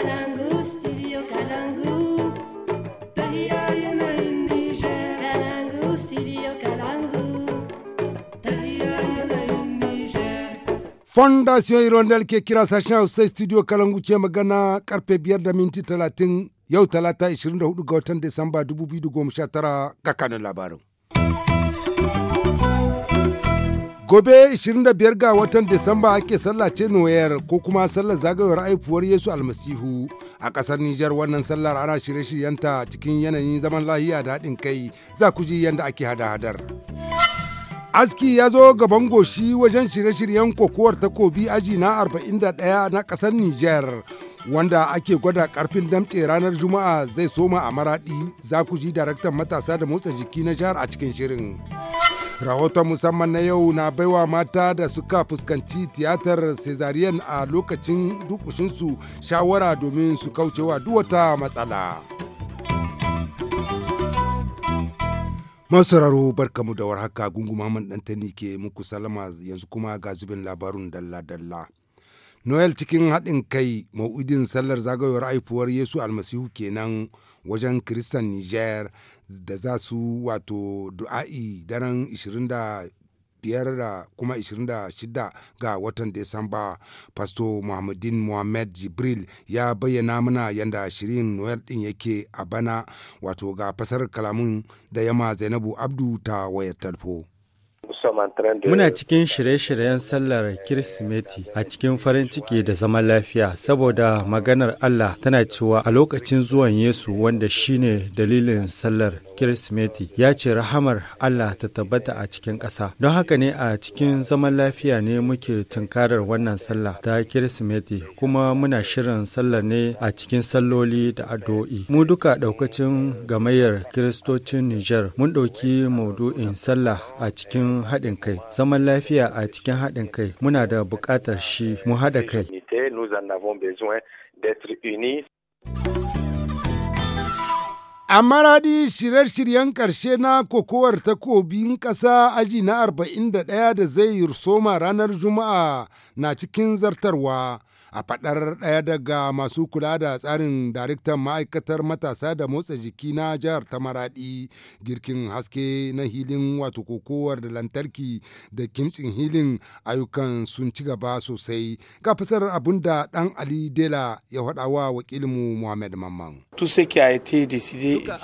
yanayin Fondation Hirondel ke kira sashen Hausa studio Kalangu ce magana karfe biyar da minti talatin yau talata 24 ga watan Disamba 2019 ga kanin labarin. Gobe 25 ga watan Disamba ake sallah ce Noyar ko kuma sallar zagayowar haifuwar Yesu Almasihu a ƙasar Nijar wannan sallar ana shirye-shiryenta cikin yanayin zaman lahiya da haɗin kai za ku ji yadda ake hada-hadar. Aski ya zo gaban goshi wajen shirye-shiryen kokowar takobi aji na 41 na ƙasar Nijar wanda ake gwada karfin damce ranar Juma'a zai soma a maraɗi za ku ji daraktan matasa da motsa jiki na jihar a cikin shirin. rahoton musamman na yau na baiwa mata da suka fuskanci tiyatar cesarean a lokacin dukushinsu shawara domin su kaucewa duwata matsala masararo barkamu da warhaka gunguma man ɗantani ke muku salama yanzu kuma ga zubin labarun dalla-dalla noel cikin haɗin kai ma'udin sallar zagayowar haifuwar yesu almasihu kenan wajen kiristan niger da za su wato du'a'i daren 20 biyar da kuma 26 ga watan Desamba. Pasto Muhammadin Muhammad Jibril ya bayyana mana yadda shirin Noel ɗin yake a bana wato ga fasar kalamun da yama Zainabu Abdu ta wayar tarfo. Muna cikin shirye-shiryen sallar Kirsimeti a cikin farin ciki da zaman lafiya saboda maganar Allah tana cewa a lokacin zuwan Yesu wanda shine dalilin sallar Kirsimeti ya ce rahamar Allah ta tabbata a cikin ƙasa. Don haka ne a cikin zaman lafiya ne muke tunkarar wannan sallah ta Kirsimeti kuma muna shirin sallah ne a cikin salloli da addu'o'i. Mu duka ɗaukacin gamayyar Kiristocin Nijar mun ɗauki maudu'in sallah a cikin haɗin kai. Zaman lafiya a cikin haɗin kai muna da buƙatar shi mu haɗa kai. Nous A maradi shirye-shiryen ƙarshe na kokowar takobin ƙasa aji na 41 da zai yi soma ranar Juma'a na cikin zartarwa. A faɗar ɗaya daga masu kula da tsarin daraktan ma'aikatar matasa da motsa jiki na jihar ta maraɗi girkin haske na hilin wato kokowar da lantarki da kimtsin hilin ayyukan sun ci gaba sosai. Ga fasar abin da ɗan Ali Dela ya haɗa wa wakilinmu Muhammad Mamman. Duka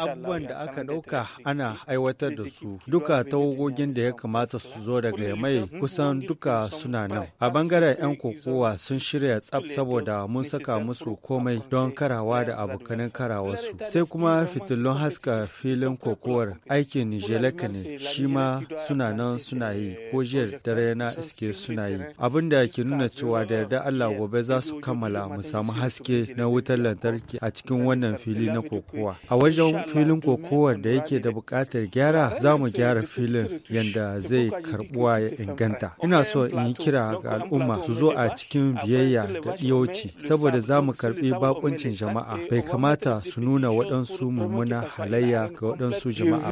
abubuwan da aka ɗauka ana aiwatar da su, duka tawogogin da ya kamata su zo daga mai kusan duka suna nan. A bangaren 'yan kokowa sun shirya tsab. saboda mun saka musu komai don karawa da abokanin karawarsu. Sai kuma fitilun haska filin kokowar aikin Nijeleka ne, shi ma suna nan suna yi, ko jiyar dare na iske suna yi. Abin da ke nuna cewa da yarda Allah gobe za su kammala mu samu haske na wutar lantarki a cikin wannan fili na kokowa a wajen filin kokowar da yake da buƙatar gyara za mu gyara filin yadda zai karbuwa ya inganta ina so in yi kira ga al'umma su zo a cikin biyayya da iyoci saboda za mu karbi bakuncin jama'a bai kamata su nuna waɗansu mummuna halayya ga waɗansu jama'a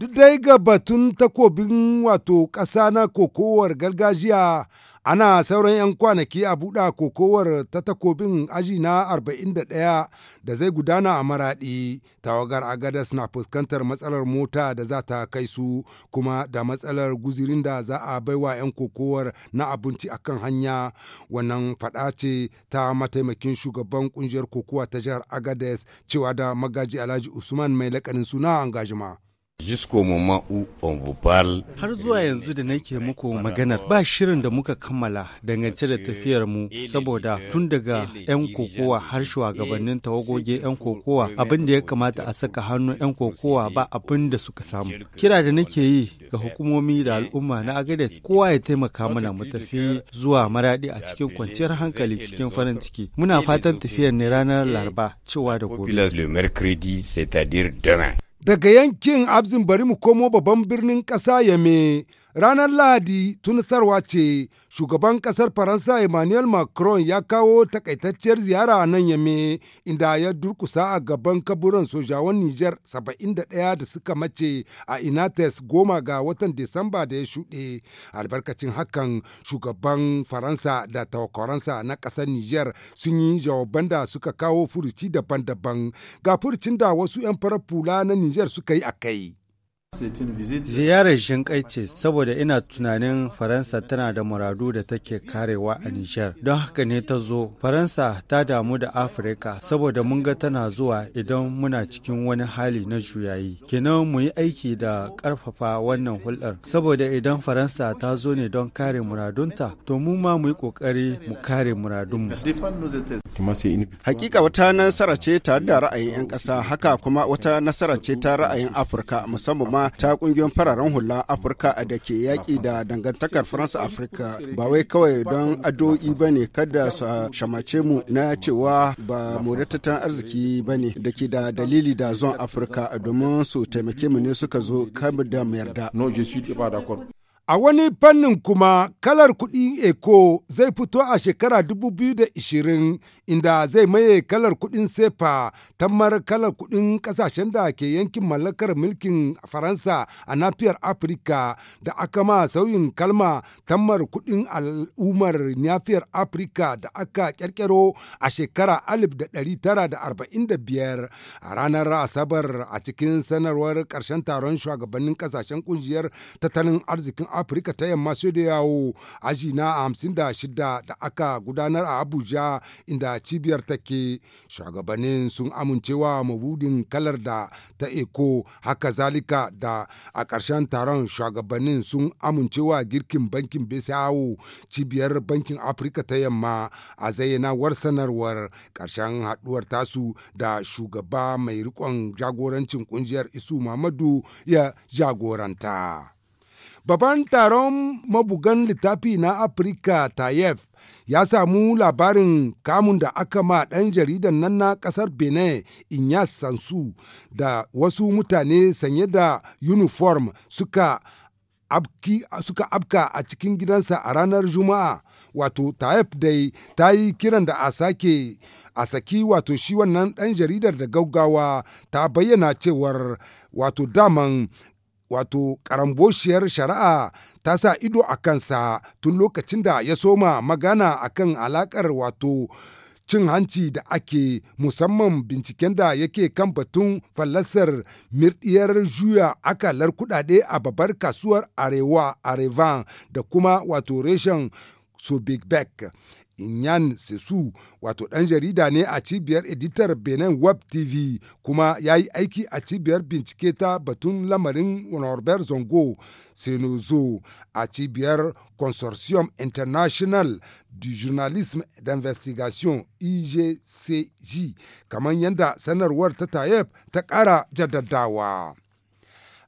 duk dai ga batun takobin wato ƙasa na kokowar gargajiya ana sauran 'yan kwanaki a buɗa kokowar ta takobin aji na 41 da zai gudana a maraɗi tawagar agadas na fuskantar matsalar mota da za ta kai su kuma da matsalar guzirin da za a baiwa 'yan kokowar na abinci a kan hanya wannan faɗa ce ta mataimakin shugaban ƙungiyar kokowa ta jihar agadas cewa da magaji alhaji usman mai lakanin suna gajima. Jusqu'au moment où on vous Har zuwa yanzu da nake muku maganar ba shirin da muka kammala dangance da tafiyar mu saboda tun daga 'yan kokowa har shugabannin tawagoge 'yan kokowa abin da ya kamata a saka hannun 'yan kokowa ba abin da suka samu. Kira da nake yi ga hukumomi da al'umma na agade kowa ya taimaka mana mu tafi zuwa maradi a cikin kwanciyar hankali cikin farin ciki. Muna fatan tafiyar ne ranar Laraba cewa da gobe. Daga yankin Abzin bari mu komo babban birnin ƙasa Yame, Ranar Lahadi sarwa ce shugaban ƙasar Faransa Emmanuel Macron ya kawo takaitacciyar ziyara a nan yame inda ya durkusa a gaban kaburan sojawan niger 71 da suka mace a Inates goma ga watan Disamba da ya shuɗe. Albarkacin hakan shugaban Faransa da tawakoransa na ƙasar niger sun yi jawaban da suka kawo furuci daban-daban ga furucin da wasu 'yan farar fula na Nijar suka yi a kai. Ziyarar shinkai ce saboda ina tunanin Faransa tana da muradu da take karewa a Nijar. Don haka ne ta zo. Faransa ta damu da Afirka saboda mun ga tana zuwa idan muna cikin wani hali na juyayi. Kenan mu yi aiki da karfafa wannan hulɗar. Saboda idan Faransa ta zo ne don kare muradunta, to mu ma mu yi ƙoƙari mu kare muradunmu. Hakika wata nasara ce ta da ra'ayin 'yan ƙasa haka kuma wata nasara ce ta ra'ayin Afirka musamman ma ta kungiyoyin fararen hula Afirka da ke yaƙi da dangantakar faransa Afirka ba wai kawai don addu'o'i ba ne kada su shamace mu na cewa ba mu tattalin arziki ba ne da ke da dalili da zon Afirka domin su taimake mu ne suka zo kamar da mu yarda. A wani fannin kuma kalar kuɗin eko zai fito a shekara 2020 inda zai maye kalar kuɗin sefa tamar kalar kuɗin ƙasashen da ke yankin mallakar mulkin Faransa a nafiyar Afirka da aka ma sauyin kalma tamar kuɗin al'ummar nafiyar Afirka da aka ƙirƙiro a shekara 1945 a ranar Asabar a cikin sanarwar ƙarshen taron shugabannin ƙasashen ƙungiyar tattalin arzikin afirka ta yamma sai da yawo aji na hamsin da shida da aka gudanar a abuja inda cibiyar take shugabannin sun amincewa mabudin kalar da ta eko haka zalika da a ƙarshen taron shugabannin sun amincewa girkin bankin bisawo cibiyar bankin afirka ta yamma a zayyanawar sanarwar ƙarshen haɗuwar tasu da shugaba mai riƙon jagorancin ƙungiyar isu mamadu ya jagoranta. Babban taron mabugan littafi na Afirka Tayef ya samu labarin kamun da aka ma ɗan jaridan nan na ƙasar Benin Inyas Sansu da wasu mutane sanye da uniform suka abki suka abka a cikin gidansa a ranar Juma'a. Wato Taif dai ta yi kiran da a sake a saki wato shi wannan ɗan jaridar da gaggawa ta bayyana cewar wato daman wato karamboshiyar shari'a ta sa ido a kansa tun lokacin da ya soma magana akan alakar wato cin hanci da ake musamman binciken da yake kan batun fallasar mirdiyar juya akalar kudade a babbar kasuwar arewa arevan da kuma wato reshen sobigbeck Inyan Sesu wato ɗan jarida ne a cibiyar editar Benin Web TV kuma ya yi aiki a cibiyar bincike ta batun lamarin Norbert Zongo Senozo a cibiyar Consortium International du Journalisme d'Investigation IGCJ kamar yadda sanarwar ta Tayeb ta ƙara jaddadawa.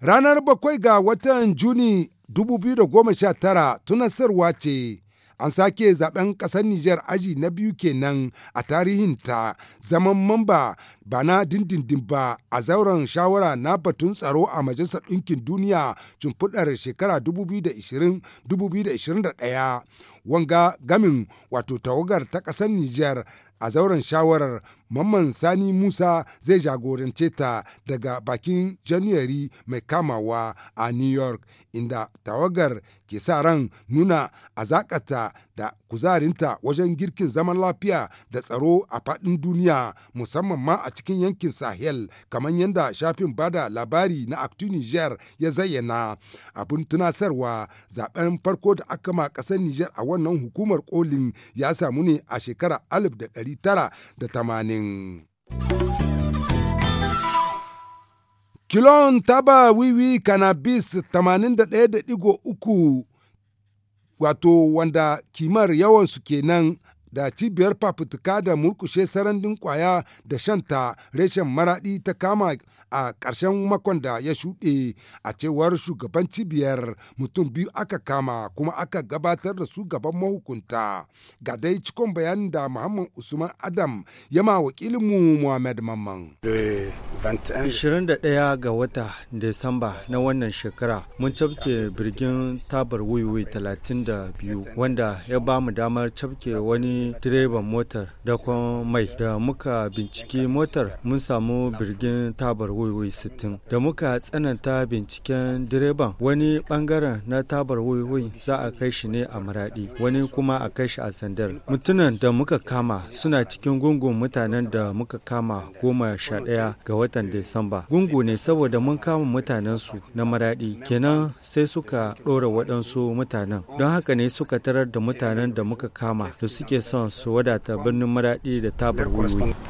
Ranar bakwai ga watan Juni 2019 tunasarwa ce an sake zaben ƙasar Nijar aji na biyu kenan a tarihin ta zaman mamba ba na dindindin ba a zauren shawara na batun tsaro a Majalisar Ɗinkin Duniya cumfuɗar shekara 2020-2021 wanga gamin wato tawagar ta ƙasar Nijar a zauren shawarar Mamman Sani Musa zai jagorance ta daga bakin January mai kamawa a New York inda tawagar ke sa ran nuna azakata da kuzarinta wajen girkin zaman lafiya da tsaro a faɗin duniya musamman ma a cikin yankin Sahel kamar yadda shafin bada labari na Aktu Niger ya zayyana abin tunasarwa zaben farko da aka ma ƙasar Niger a wannan hukumar kolin ya samu ne a shekara 1980. Kilon taba wiwi cannabis 81.3 wato wanda kimar yawan su kenan da cibiyar fafutuka da murkushe sarandin kwaya da shanta reshen maradi ta kama a ƙarshen makon da ya shuɗe a cewar shugaban cibiyar mutum biyu aka kama kuma aka gabatar da su gaban mahukunta ga dai cikon bayanin da muhammad usman adam ya ma wakilinmu muhammad mamman 21 ga wata disamba na wannan shekara mun cafke birgin tabar wiwi 32 wanda ya ba mu damar cafke wani direban motar dakon mai da muka binciki motar mun samu birgin tabar waiwai sittin da muka tsananta binciken direban wani bangaren na tabar waiwai za a kai shi ne a maradi wani kuma a kai shi a sandar mutunan da muka kama suna cikin gungun mutanen da muka kama goma sha ɗaya ga watan disamba gungu ne saboda mun kama mutanen su na maradi kenan sai suka ɗora waɗansu mutanen don haka ne suka tarar da mutanen da muka kama da suke son su wadata birnin maradi da tabar waiwai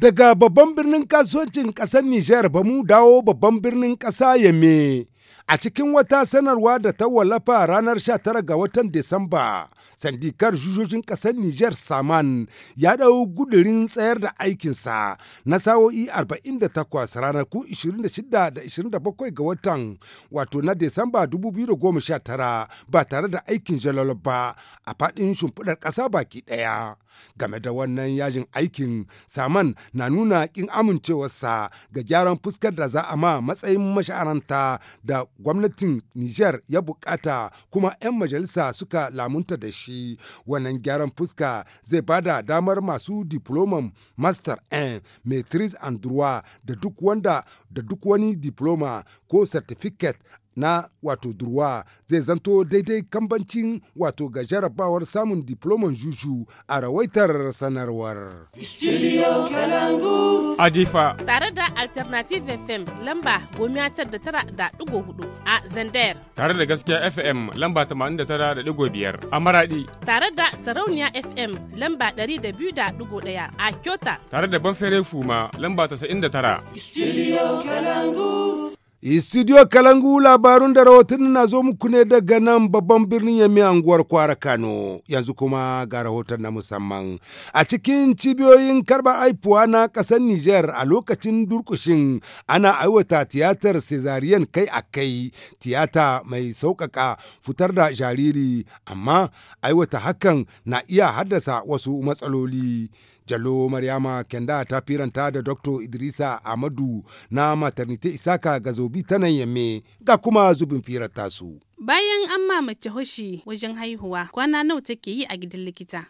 Daga babban birnin kasuwancin ƙasar Nijar ba mu dawo babban birnin ƙasa me. A cikin wata sanarwa da ta wallafa ranar 19 ga watan Disamba, sandikar jujojin ƙasar Nijar Saman ya ɗau gudurin tsayar da aikinsa na sa'o'i 48 ranaku 26 da 27 ga watan wato na Disamba 2019 ba tare da aikin jalal ba a faɗin shimfiɗar ƙasa baki ɗaya. Game da wannan yajin aikin, Saman na nuna ƙin amincewarsa ga gyaran fuskar da za a ma matsayin mashaharanta da gwamnatin Nijar ya bukata kuma 'yan majalisa suka lamunta da shi wannan gyaran fuska zai bada damar masu diploman master n matrix and da duk wanda da duk wani diploma ko certificate na wato durwa zai zanto daidai kambancin wato ga jarabawar samun diploman juju a rawaitar sanarwar. Studio Kalangu. Adifa. Tare da Alternative FM lamba gomiya da tara da digo hudu a Zandayar. Tare da gaskiya FM lamba tamanin da tara da digo biyar a Maradi. Tare da Sarauniya FM lamba ɗari da biyu da digo ɗaya a Kyota. Tare da Banfere Fuma lamba tasa'in da tara. Studio Kalangu. istidio Kalangu labarun da rahoton na zo muku ne daga nan babban birnin Yemi anguwar Kwara Kano yanzu kuma ga rahoton na musamman. A cikin cibiyoyin karba haifuwa na ƙasar Nijar a lokacin durkushin ana aiwata tiyatar Caesarean kai a kai tiyata mai sauƙaƙa fitar da jariri amma aiwata hakan na iya haddasa wasu matsaloli. Jallo Maryama Kenda ta firanta da Dr. Idrisa Amadu na maternity Isaka Gazobi ta nan yamme ga kuma zubin firar tasu. Bayan an mamace hushi wajen haihuwa kwana nawa take yi a gidan likita.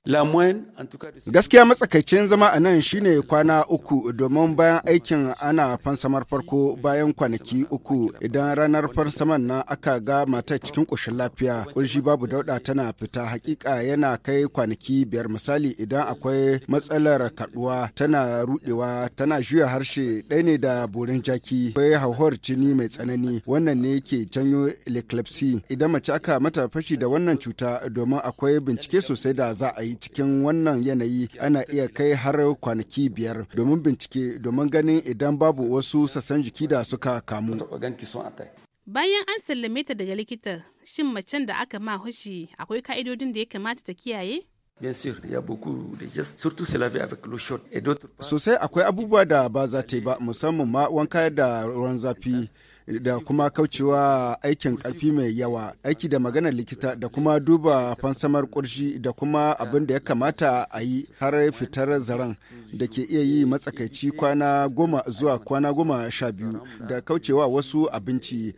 Gaskiya matsakaicin zama a nan shine kwana uku domin bayan aikin ana fansamar farko bayan kwanaki uku idan ranar fansaman na aka ga matar cikin ƙoshin lafiya ƙunshi babu dauɗa tana fita hakika yana kai kwanaki biyar misali idan akwai matsalar kaduwa tana rudewa tana juya harshe ɗaya ne da borin jaki bai hauhawar jini mai tsanani wannan ne ke janyo leclepsy idan mace aka mata fashi da wannan cuta domin akwai bincike sosai da za a yi cikin wannan yanayi ana iya kai har kwanaki biyar domin bincike domin ganin idan babu wasu sassan jiki da suka kamu. Bayan an sallame ta daga likita, shin macen da aka ma hushi akwai ka'idodin da ya kamata ta kiyaye? Bien sûr, de gestes, surtout Sosai akwai abubuwa da ba za ta yi ba musamman ma wanka da ruwan zafi da kuma kaucewa aikin ƙarfi mai yawa aiki da maganar likita da kuma duba fansamar kurshi da kuma abin da ya kamata a yi har fitar zaren da ke iya yi matsakaici kwana goma zuwa kwana goma sha biyu da kaucewa wasu abinci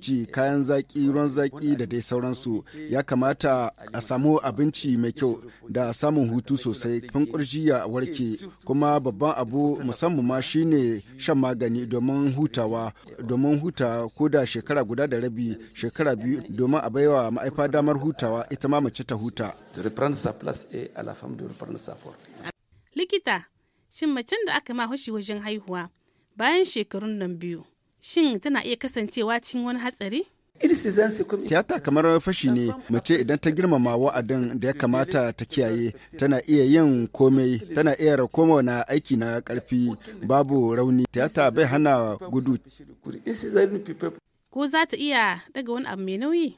ji kayan zaki ruwan zaki da dai sauransu ya kamata a samu abinci mai kyau da samun hutu sosai fin kurji ya warke kuma babban abu musamman ma shine shan magani domin hutawa domin huta ko da shekara guda da rabi shekara biyu domin a baiwa ma'aifa damar hutawa ita ma mace ta huta. Likita, shin macen da aka ma hushi wajen haihuwa bayan shekarun nan biyu, shin tana iya kasancewa cikin wani hatsari? Tiyata kamar fashi ne mace idan ta girmama wa'adin da ya kamata ta kiyaye tana iya yin komai tana iya rakoma na aiki na karfi babu rauni tiyata bai hana gudu. Ko za ta iya daga wani abu mai nauyi?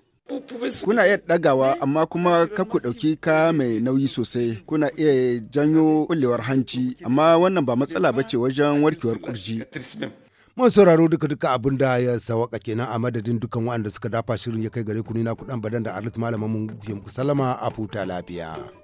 Kuna iya dagawa amma kuma ka ku ɗauki ka mai nauyi sosai kuna iya janyo kullewar hanci amma wannan ba matsala bace wajen warkewar kurji. mun sauraro duka duka abin da ya sawaka kenan a madadin dukan waɗanda suka dafa shirin ya kai gare ku ni na badan da Arlit malamin mu ke muku a futa lafiya.